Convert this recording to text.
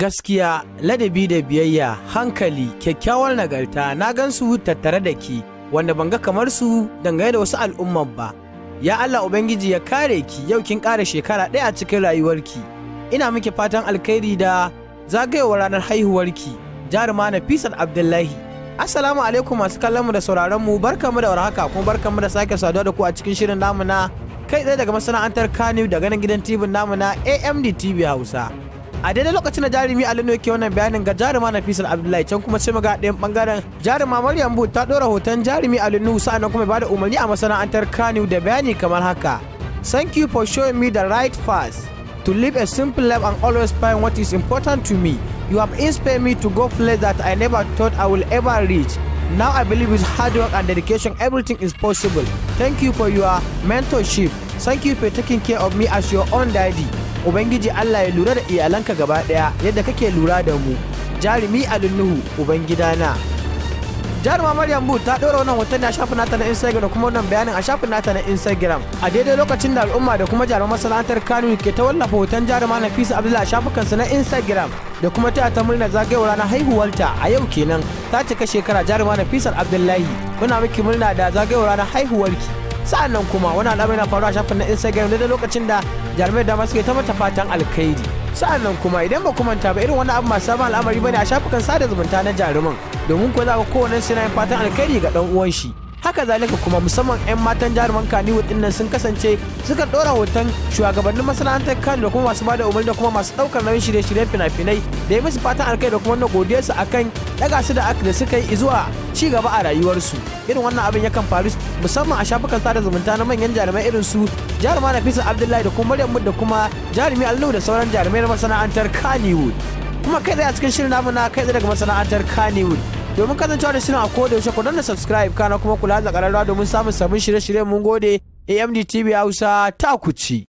gaskiya ladabi da biyayya hankali kyakkyawar nagarta na gan su tattare da ki wanda ban ga kamar su dangane da wasu al'umman ba ya Allah ubangiji ya kare ki yau kin ƙara shekara ɗaya a cikin rayuwarki ina miki fatan alkhairi da zagayowar ranar haihuwarki jaruma na fisar abdullahi assalamu alaikum masu kallon mu da sauraron mu barkamu da warhaka kuma barkamu da sake saduwa da ku a cikin shirin namu na kai tsaye daga masana'antar kanu daga nan gidan tv namuna na amd tv hausa a daidai lokacin da jarumi alino ke wannan bayanin ga jaruma nafisar abdullahi can kuma sai maga ɗayan bangaren jaruma maryam bu ta ɗora hoton jarumi alinu sa'annan kuma bada umarni a masana'antar kanu da bayani kamar haka thank you for showing me the right path to live a simple life and always find what is important to me you have inspired me to go places that i never thought i will ever reach Now I believe with hard work and dedication, everything is possible. Thank you for your mentorship. Thank you for taking care of me as your own daddy. Ubangiji Allah ya lura da iyalanka gaba ɗaya yadda kake lura da mu. Jarumi ubangida Ubangidana. Jaruma Maryam Bu ta ɗora wannan hoton a shafin nata na Instagram da kuma wannan bayanin a shafin nata na Instagram. A daidai lokacin da al'umma da kuma jaruma masana'antar Kano ke ta wallafa hoton jaruma Fisa Abdullahi a su na Instagram da kuma ta ta murna zagayowar ranar haihuwarta a yau kenan ta cika shekara jaruma Nafisar Abdullahi. Muna miki murna da zagayowar ranar haihuwarki. sa'annan kuma wani al'amari na faruwa a shafin na instagram da lokacin da jarumai dama suke ta mata fatan alkhairi sa'annan kuma idan ba manta ba irin wani abu masu sabon al'amari bane a shafukan sada zumunta na jaruman domin ko za ka kowane suna yin fatan alkhairi ga dan uwan shi haka zalika kuma musamman 'yan matan jaruman kaniwood din nan sun kasance suka dora hoton shugabannin masana'antar kan da kuma masu bada umarni da kuma masu daukar nauyin shirye-shiryen fina-finai da yi musu fatan alkai da kuma wannan godiyarsu a kan ɗaga su da aka da suka yi zuwa ci gaba a rayuwarsu irin wannan abin yakan faru musamman a shafukan sada zumunta na manyan jarumai irin su jaruma nafisa abdullahi da kuma maryam da kuma jarumi allu da sauran jarumai na masana'antar kaniwood kuma kai tsaye a cikin shirin namu na kai tsaye daga masana'antar kaniwood domin kasancewa da shirin a ko da yaushe ku danna subscribe kana kuma kula da ƙararrawa domin samun sabbin shirye-shirye mun gode AMD TV Hausa ta kuci.